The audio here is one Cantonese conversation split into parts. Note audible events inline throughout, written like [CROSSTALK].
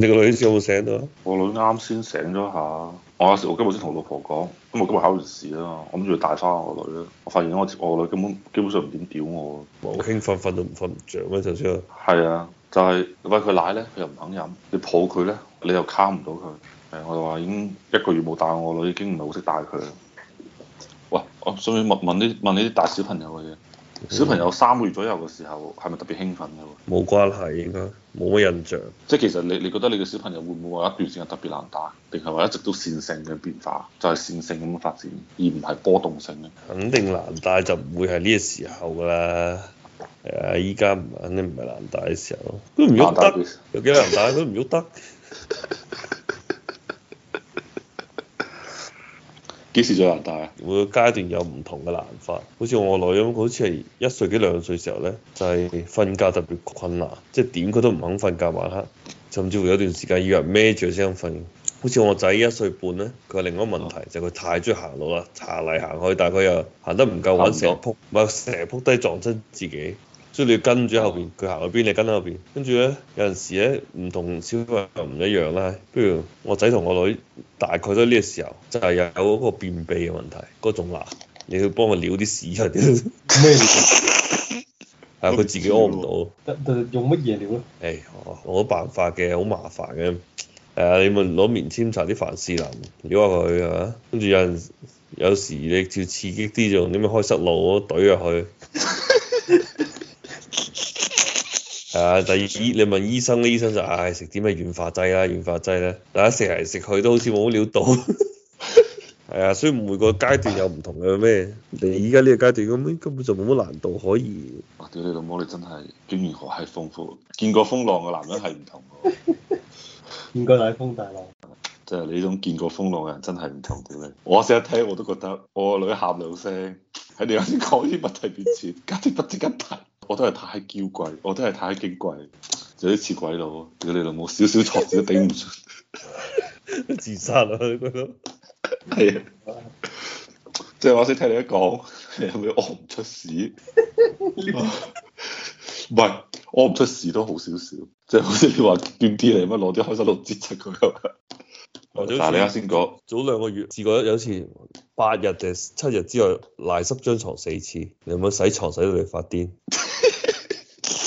你個女有冇醒到？我女啱先醒咗下，我有時我今日先同老婆講，今日今日考完試啦，我諗住帶翻我個女咧。我發現我我個女根本基本上唔點屌我，我興奮瞓瞓都瞓唔著咧，就算係啊，就係餵佢奶咧，佢又唔肯飲；你抱佢咧，你又溝唔到佢。係，我就話已經一個月冇帶我個女，已經唔係好識帶佢啦。喂，我想唔想問問啲問呢啲帶小朋友嘅嘢？小朋友三個月左右嘅時候，係咪特別興奮嘅？冇關係，應該冇乜印象。即係其實你，你覺得你嘅小朋友會唔會話一段時間特別難帶？定係話一直都線性嘅變化，就係、是、線性咁樣發展，而唔係波動性咧？肯定難帶就唔會係呢個時候啦。係啊，依家肯定唔係難帶嘅時候。都唔喐得，打有幾難帶？都唔喐得。 [LAUGHS] 幾時最難帶啊？每個階段有唔同嘅難法。好似我女咁，好似係一歲幾兩歲時候呢，就係、是、瞓覺特別困難，即係點佢都唔肯瞓覺晚黑。甚至乎有段時間要人孭住先瞓。好似我仔一歲半呢，佢係另一個問題、啊、就係佢太中意行路啦，行嚟行去，但係佢又行得唔夠穩，成日仆，咪成日仆低撞親自己，所以你要跟住後邊，佢行去邊你跟喺後邊。跟住呢，有陣時呢，唔同小朋友唔一樣啦。譬如我仔同我女。大概都呢個時候就係有嗰個便秘嘅問題，嗰種啦，你要幫佢撩啲屎出嚟，係佢自己屙唔到。用乜嘢撩咧？誒、欸，我冇辦法嘅，好麻煩嘅。誒、呃，你咪攞棉簽搽啲凡士林撩下佢嚇，跟、啊、住有陣有時你照刺激啲，就用啲咩開塞露攞懟入去。 [LAUGHS] 啊！第二醫你問醫生咧，醫生就唉食啲咩軟化劑啦，軟化劑咧，大家成日食去都好似冇料到。係 [LAUGHS] 啊，所以每個階段有唔同嘅咩？你依家呢個階段咁，根本就冇乜難度可以。哇！屌你老母，你真係經驗好閪豐富，見過風浪嘅男人係唔同。見過大風大浪。即係 [LAUGHS] 你呢種見過風浪嘅人真係唔同嘅。 [LAUGHS] [LAUGHS] 我成日睇我都覺得，我個女喊兩聲，喺你啱先講啲問題面前，簡直不值一提。 [LAUGHS] 我都係太嬌貴，我都係太矜貴，有啲似鬼佬，屌你老母少少挫折都頂唔順，都 [LAUGHS] 自殺啦！佢覺得，係啊，即係我先聽你一講，係咪屙唔出屎？唔係， [LAUGHS] [LAUGHS] 屙唔出屎都好少少，即係好似你話極端啲嚟，咁樣攞啲開心六折出佢。 [LAUGHS] 嗱，你啱先講，早兩個月試過有，有一次八日定七日之外賴濕張床四次，你有冇洗床洗到你發癲？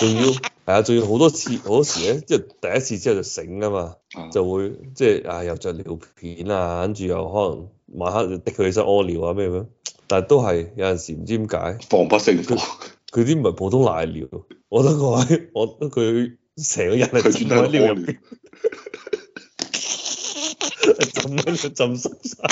仲要係啊，仲要好多次好多時咧，即係第一次之後就醒啊嘛，就會、嗯、即係啊又着尿片啊，跟住又可能晚黑就滴佢起身屙尿啊咩咩，但係都係有陣時唔知點解防不勝防，佢啲唔係普通賴尿，我得個位，我得佢成個日係著尿片。浸浸濕晒。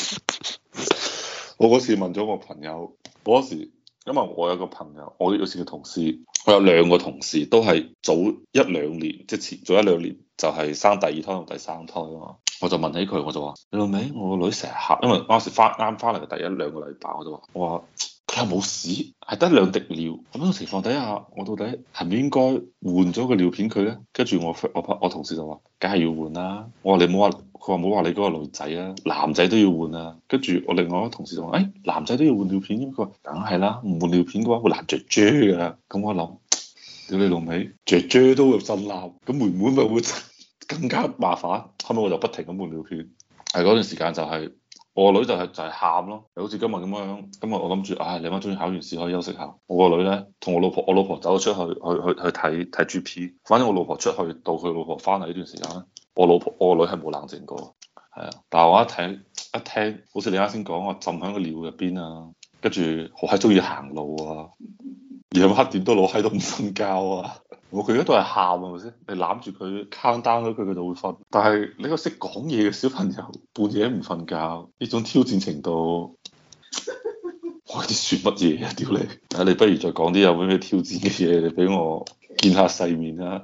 [LAUGHS] 我嗰時問咗個朋友，嗰、那個、時因為我有個朋友，我有次嘅同事，我有兩個同事都係早一兩年，即、就、係、是、早一兩年就係生第二胎同第三胎啊嘛。我就問起佢，我就話：你老味，我個女成日嚇，因為嗰時翻啱翻嚟嘅第一兩個禮拜，我就話：我話佢又冇屎，係得兩滴尿咁樣嘅情況底下，我到底係咪應該換咗個尿片佢咧？跟住我我我同事就話：梗係要換啦！我話你唔好話，佢話唔好話你嗰個女仔啊，男仔都要換啊！跟住我另外一個同事就話：誒男仔都要換尿片嘅咩？佢話：梗係啦，唔換尿片嘅話會爛著尿嘅啦。咁我諗，屌你老味，尿尿都會腎鬧，咁妹妹咪會？更加麻煩，後尾我就不停咁換尿片，係嗰段時間就係、是、我個女就係、是、就係、是、喊咯，就好似今日咁樣。今日我諗住，唉、哎，你媽終於考完試可以休息下。我個女咧同我老婆，我老婆走咗出去，去去去睇睇 G P。反正我老婆出去到佢老婆翻嚟呢段時間咧，我老婆我個女係冇冷靜過，係啊。但係我一聽一聽，好似你啱先講我浸喺個尿入邊啊，跟住好閪中意行路啊，夜晚黑點都老閪都唔瞓覺啊。我佢而家都係喊係咪先？你攬住佢，count down 咗佢，佢就會瞓。但係你個識講嘢嘅小朋友，半夜唔瞓覺，呢種挑戰程度，我啲算乜嘢啊？屌你！啊，你不如再講啲有咩挑戰嘅嘢，你俾我見下世面啦。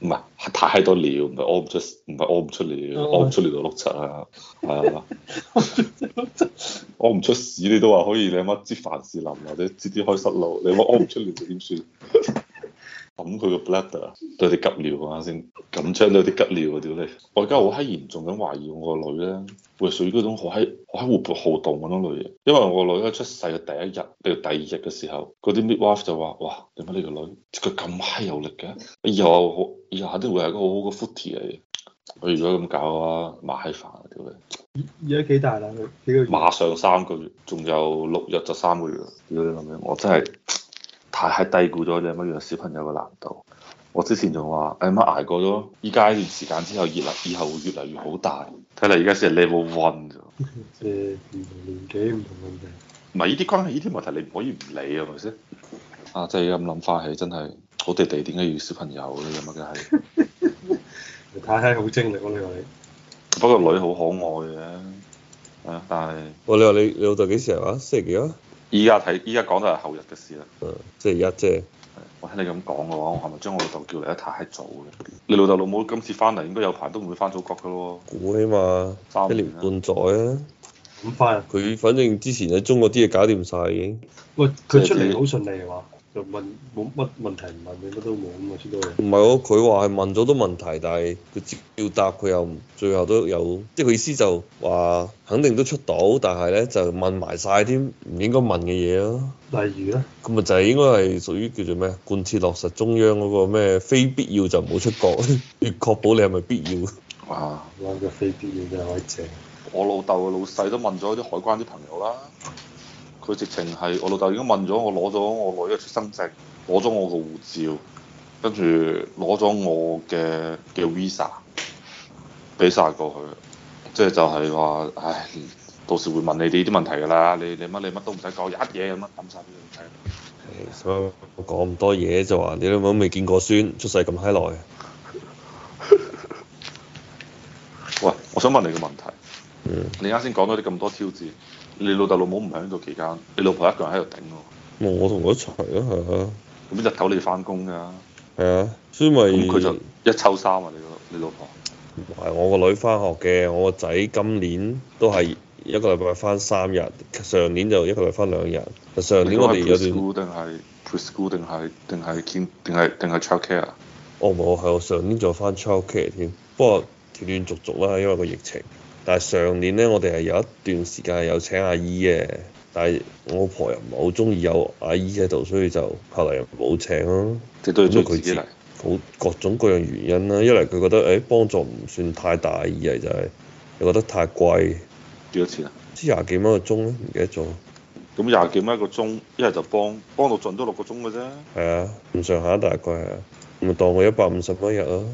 唔係太多尿，唔係屙唔出屎，唔係屙唔出尿，屙唔 [LAUGHS] 出尿碌柒啊！係啊，屙 [LAUGHS] 唔出屎你都話可以，你阿媽折凡士林或者折啲開塞路，你阿媽屙唔出尿點算？ [LAUGHS] 抌佢個 bladder，都有啲急尿啊！先緊張都有啲急尿啊！屌你，我而家好閪嚴重咁懷疑我個女咧，會屬於嗰種好閪好閪活潑好動嗰種類型，因為我個女咧出世嘅第一日，譬如第二日嘅時候，嗰啲 midwife 就話，哇，點解你個女，佢咁閪有力嘅？以後好，以後肯定會係一個好好嘅 footy 嚟嘅。我如果咁搞啊，麻閪煩啊！屌你！而而家幾大啦？佢幾個月？馬上三個月，仲有六日就三個月啦！屌你咁樣，我真係～太低估咗你有乜嘢小朋友嘅難度。我之前仲話，誒咁啊捱過咗依家一段時間之後，越嚟以後會越嚟越好大。睇嚟而家先係 level one 咗。即係唔同年紀唔同問題。唔係呢啲關係，呢啲問題你唔可以唔理啊，係咪先？啊，真係咁諗翻起，真係好哋哋點解要小朋友咧？有乜梗係。你睇睇好精力咯，啊，你話你。不過女好可愛嘅。啊，但係。哇！你話你你老豆幾時嚟啊？星期幾啊？依家睇，依家講都係後日嘅事啦。誒、嗯，即係而家，即係，我聽你咁講嘅話，我係咪將我老豆叫嚟得太早嘅？你老豆老母今次翻嚟應該有排都唔會翻祖國嘅咯。估起碼一年半載啊，咁快？佢反正之前喺中國啲嘢搞掂晒已經。喂，佢出嚟好順利係嘛？就問冇乜問題唔問嘅乜都冇咁啊，知道唔係佢話係問咗都問題，但係佢直要答佢又最後都有，即係佢意思就話、是、肯定都出到，但係咧就問埋晒添唔應該問嘅嘢咯。例如咧？咁咪就係應該係屬於叫做咩啊？貫徹落實中央嗰、那個咩非必要就唔好出國，要 [LAUGHS] 確保你係咪必要。哇！揾個非必要嘅位借。我老豆嘅老細都問咗啲海關啲朋友啦。佢直情係，我老豆已經問咗我，攞咗我女嘅出生證，攞咗我個護照，跟住攞咗我嘅嘅 Visa，俾晒過去，即係就係話，唉，到時會問你哋啲問題㗎啦，你你乜你乜都唔使講，有一嘢咁啊，抌晒啲嘢落去。所以我講咁多嘢就話，就你都冇未見過孫出世咁閪耐。喂，我想問你個問題。嗯。你啱先講咗啲咁多挑戰。你老豆老母唔喺度期間，你老婆一個人喺度頂我。冇，我同佢一齊啊啊，咁、啊、日頭你哋翻工㗎。係啊，所以咪、就、佢、是、就一抽三啊！你個你老婆。唔係，我個女翻學嘅，我個仔今年都係一個禮拜翻三日，上年就一個禮拜翻兩日。上年我哋有定係 preschool 定係定係 kindergarten 定係定係 childcare。哦，冇係，我上年仲翻 childcare 添，不過斷斷續續啦，因為個疫情。但係上年咧，我哋係有一段時間係有請阿姨嘅，但係我婆又唔係好中意有阿姨喺度，所以就後嚟又冇請咯、啊。即係都要做佢自己，自己，好各種各樣原因啦、啊。一嚟佢覺得誒、欸、幫助唔算太大，二嚟就係、是、又覺得太貴。幾多錢啊？知廿幾蚊一個鐘咯，唔記得咗。咁廿幾蚊一個鐘，一日就幫幫到盡多六個鐘嘅啫。係啊，咁上下大概係啊，咪當佢一百五十蚊一日咯。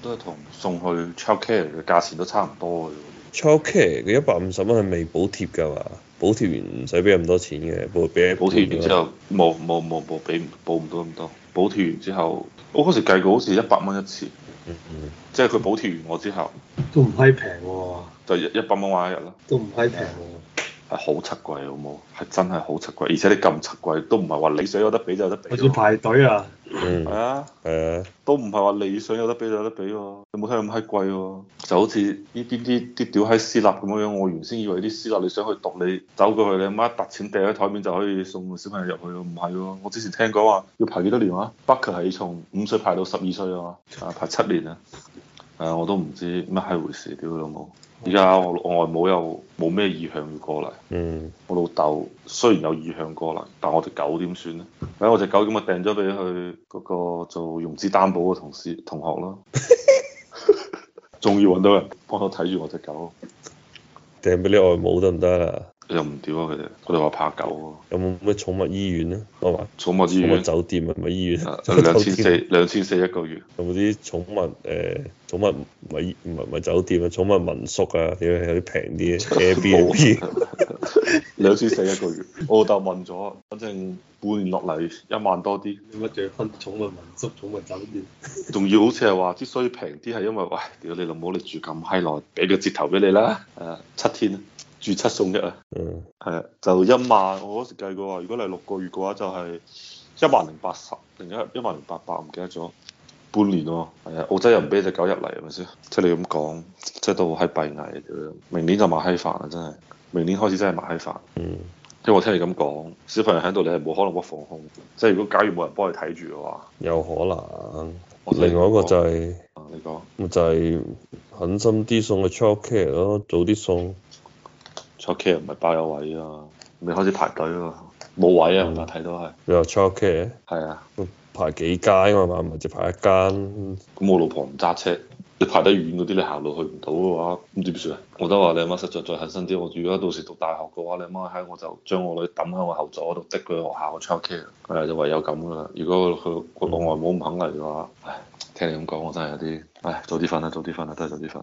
都係同送去 childcare 嘅價錢都差唔多嘅。childcare 嘅一百五十蚊係未補貼㗎嘛？補貼完唔使俾咁多錢嘅，補俾佢補貼完之後冇冇冇冇俾補唔到咁多。補貼完之後，我嗰時計過好似一百蚊一次，嗯嗯，嗯即係佢補貼完我之後都唔批平喎。就一百蚊玩一日咯。都唔批平喎。嗯係好七貴，好冇？係真係好七貴，而且你咁七貴都唔係話你想有得俾就有得俾。我要排隊啊！係啊，係、嗯啊、都唔係話你想有得俾就有得俾喎。你冇睇咁閪貴喎，就好似呢邊啲啲屌喺私立咁樣樣。我原先以為啲私立你想去讀你，你走過去你阿媽揼錢掟喺台面就可以送個小朋友入去咯，唔係喎。我之前聽講話要排幾多年啊？Booker 係從五歲排到十二歲啊，啊排七年啊，係、啊、我都唔知乜閪回事，屌老母！而家我外母又冇咩意向要過嚟，嗯、我老豆雖然有意向過嚟，但我隻狗點算咧？嗯、我隻狗點咪掟咗畀佢嗰個做融資擔保嘅同事同學咯，終於揾到人幫手睇住我隻狗，掟俾你外母得唔得啊？又唔屌啊佢哋，佢哋話怕狗、啊。有冇咩寵物醫院咧？我話寵物醫院、寵物酒店啊，唔係醫院啊。兩千四，兩千四一個月。有冇啲寵物誒，寵、呃、物唔係唔係唔係酒店啊，寵物民宿啊，點有啲平啲 Airbnb 兩千四一個月。 [LAUGHS] 我老豆問咗，反正半年落嚟一萬多啲。乜嘢分寵物民宿、寵物酒店？仲 [LAUGHS] 要好似係話，之所以平啲係因為喂，屌、哎、你老母你住咁閪耐，俾個折頭俾你啦。誒，七天、啊。住七送一啊，嗯，係啊，就一萬，我嗰時計過話如果你係六個月嘅話，就係、是、一萬零八十，零一，一萬零八百，唔記得咗。半年喎，係啊，澳洲又唔俾隻狗入嚟，係咪先？即係你咁講，即係都係閉翳。明年就麻閪煩啦，真係。明年開始真係麻閪煩。嗯，因為我聽你咁講，小朋友喺度，你係冇可能會放空。即係如果假如冇人幫你睇住嘅話，有可能。另外一個就係、是，啊說，你講，就係狠心啲送去 child care 咯，早啲送。childcare 唔係包有位啊，未開始排隊啊嘛，冇位啊，睇到係。你話 childcare？係啊，排幾間啊嘛，唔係就排一間。咁我老婆唔揸車，你排得遠嗰啲，你行路去唔到嘅話，咁點算啊？我都話你阿媽實在再狠心啲，我如果到時讀大學嘅話，你阿媽喺我就將我女抌喺我後座嗰度，的佢去學校 childcare。係、啊、就唯有咁噶啦，如果佢我外母唔肯嚟嘅話，唉，聽你咁講，我真係有啲唉，早啲瞓啦，早啲瞓啦，都係早啲瞓。